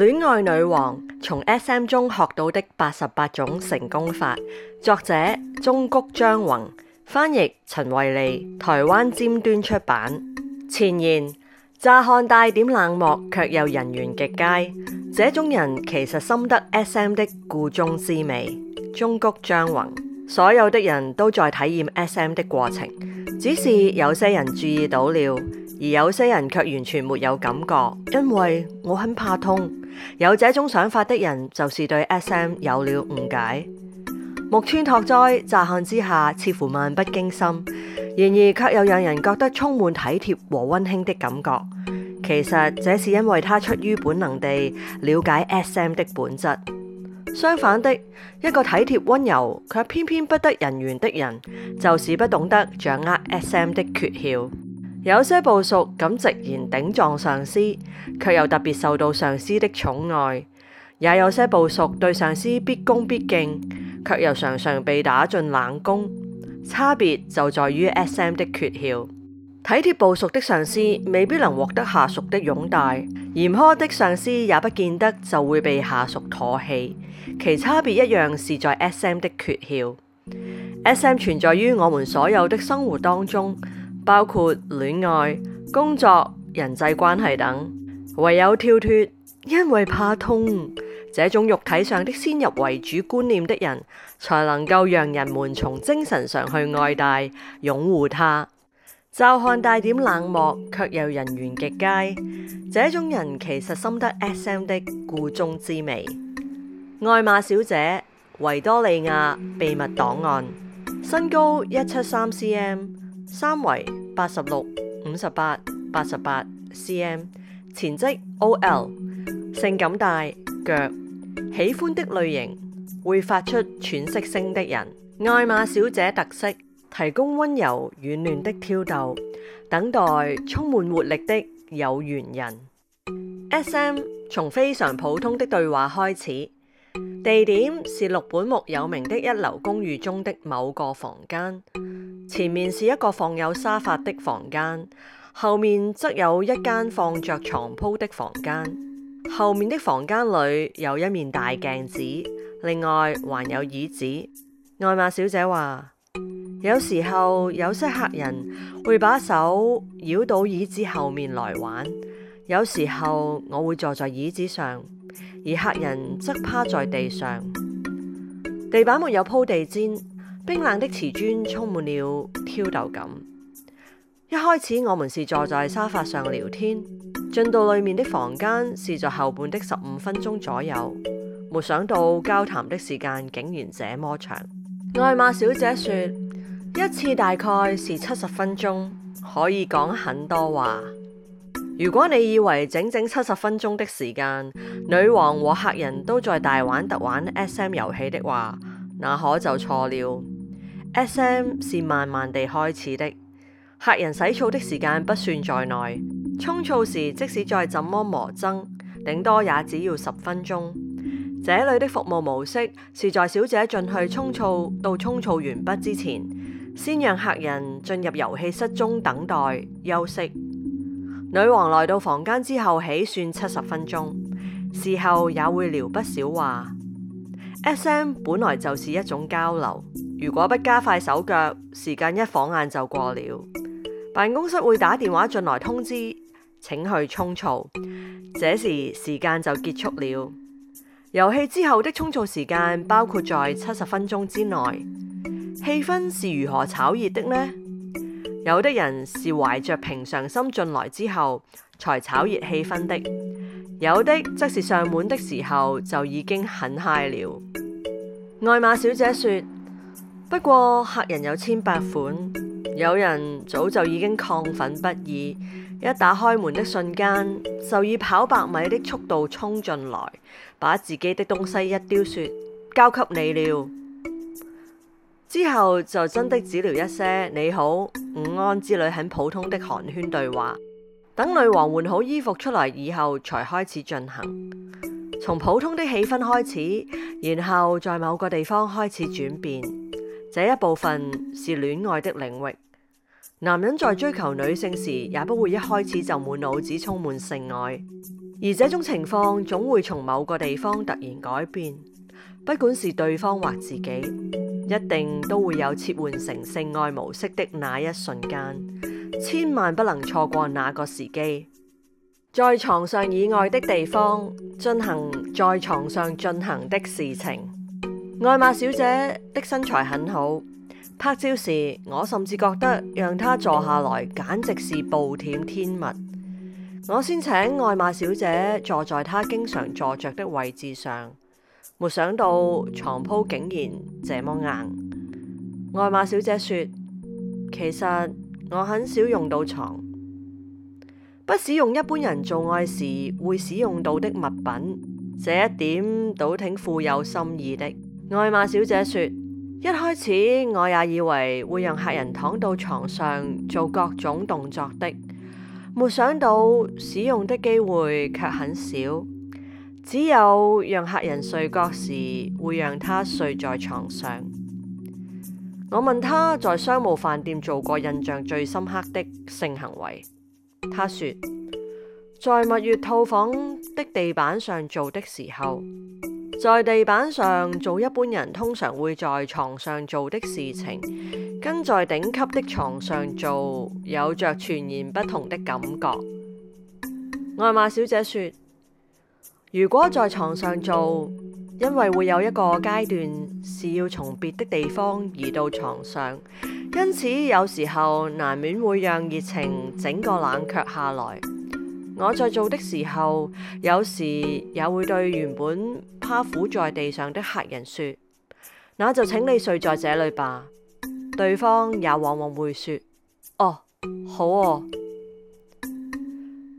《戀愛女王：從 SM 中學到的八十八種成功法》，作者中谷彰宏，翻譯陳慧莉，台灣尖端出版。前言：乍看帶點冷漠，卻又人緣極佳，這種人其實深得 SM 的箇中滋味。中谷彰宏，所有的人都在體驗 SM 的過程，只是有些人注意到了。而有些人卻完全沒有感覺，因為我很怕痛。有這種想法的人，就是對 SM 有了誤解。木村拓哉乍看之下似乎漫不經心，然而卻又讓人覺得充滿體貼和溫馨的感覺。其實這是因為他出於本能地了解 SM 的本質。相反的，一個體貼溫柔卻偏偏不得人緣的人，就是不懂得掌握 SM 的訣竅。有些部屬敢直言頂撞上司，卻又特別受到上司的寵愛；也有些部屬對上司必恭必敬，卻又常常被打進冷宮。差別就在於 S M 的訣竅。體貼部屬的上司未必能獲得下屬的擁戴，嚴苛的上司也不見得就會被下屬唾棄。其差別一樣是在 S M 的訣竅。S M 存在於我們所有的生活當中。包括戀愛、工作、人際關係等，唯有跳脱，因為怕痛，這種肉體上的先入為主觀念的人，才能夠讓人們從精神上去愛戴、擁護他。就看帶點冷漠，却又人緣極佳，這種人其實深得 S.M. 的故中之味。愛瑪小姐，維多利亞秘密檔案，身高一七三 cm。三圍八十六、五十八、八十八 cm，前職 OL，性感帶腳，喜歡的類型會發出喘息聲的人，愛瑪小姐特色提供温柔軟嫩的挑逗，等待充滿活力的有緣人。SM 從非常普通的對話開始，地點是六本木有名的一流公寓中的某個房間。前面是一個放有沙發的房間，後面則有一間放着床鋪的房間。後面的房間裏有一面大鏡子，另外還有椅子。愛瑪小姐話：有時候有些客人會把手繞到椅子後面來玩，有時候我會坐在椅子上，而客人則趴在地上。地板沒有鋪地氈。冰冷的瓷磚充滿了挑逗感。一開始我們是坐在沙發上聊天，進到裏面的房間是在後半的十五分鐘左右。沒想到交談的時間竟然這麼長。愛瑪小姐說，一次大概是七十分鐘，可以講很多話。如果你以為整整七十分鐘的時間，女王和客人都在大玩特玩 SM 遊戲的話，那可就錯了。SM 是慢慢地開始的。客人洗澡的時間不算在內。沖澡時，即使再怎麼磨蹭，頂多也只要十分鐘。這裡的服務模式是在小姐進去沖澡到沖澡完畢之前，先讓客人進入遊戲室中等待休息。女王來到房間之後起算七十分鐘，事後也會聊不少話。S.M 本來就是一種交流，如果不加快手腳，時間一晃眼就過了。辦公室會打電話進來通知，請去沖澡。這時時間就結束了。遊戲之後的沖澡時間包括在七十分鐘之內。氣氛是如何炒熱的呢？有的人是懷着平常心進來之後，才炒熱氣氛的。有的則是上門的時候就已經很嗨了，愛瑪小姐說。不過客人有千百款，有人早就已經亢奮不已，一打開門的瞬間就以跑百米的速度衝進來，把自己的東西一丟說交給你了，之後就真的只聊一些你好、午安之類很普通的寒暄對話。等女王換好衣服出來以後，才開始進行。從普通的氣氛開始，然後在某個地方開始轉變。這一部分是戀愛的領域。男人在追求女性時，也不會一開始就滿腦子充滿性愛，而這種情況總會從某個地方突然改變。不管是對方或自己，一定都會有切換成性愛模式的那一瞬間。千萬不能錯過那個時機，在床上以外的地方進行在床上進行的事情。愛瑪小姐的身材很好，拍照時我甚至覺得讓她坐下來簡直是暴殄天物。我先請愛瑪小姐坐在她經常坐着的位置上，沒想到床鋪竟然這麼硬。愛瑪小姐說：其實。我很少用到床，不使用一般人做愛時會使用到的物品，這一點倒挺富有新意的。愛瑪小姐說：一開始我也以為會讓客人躺到床上做各種動作的，沒想到使用的機會卻很少，只有讓客人睡覺時會讓他睡在床上。我問他在商務飯店做過印象最深刻的性行為，他說在蜜月套房的地板上做的時候，在地板上做一般人通常會在床上做的事情，跟在頂級的床上做有着全然不同的感覺。愛瑪小姐說，如果在床上做。因為會有一個階段是要從別的地方移到床上，因此有時候難免會讓熱情整個冷卻下來。我在做的時候，有時也會對原本趴伏在地上的客人說：那就請你睡在這裏吧。對方也往往會說：哦，好哦。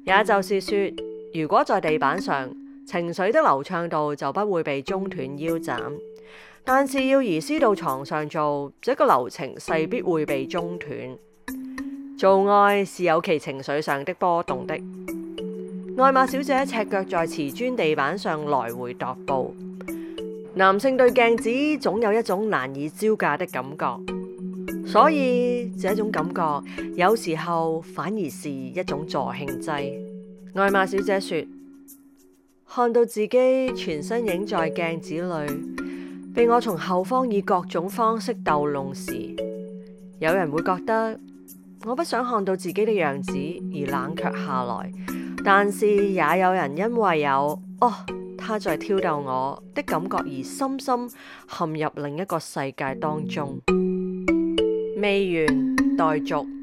也就是說，如果在地板上。情緒的流暢度就不會被中斷腰斬，但是要移師到床上做，這個流程勢必會被中斷。做愛是有其情緒上的波動的。愛瑪小姐赤腳在瓷磚地板上來回踱步。男性對鏡子總有一種難以招架的感覺，所以這種感覺有時候反而是一種助興劑。愛瑪小姐說。看到自己全身影在鏡子裏，被我從後方以各種方式逗弄時，有人會覺得我不想看到自己的樣子而冷卻下來，但是也有人因為有哦，他在挑逗我的感覺而深深陷入另一個世界當中。未完待續。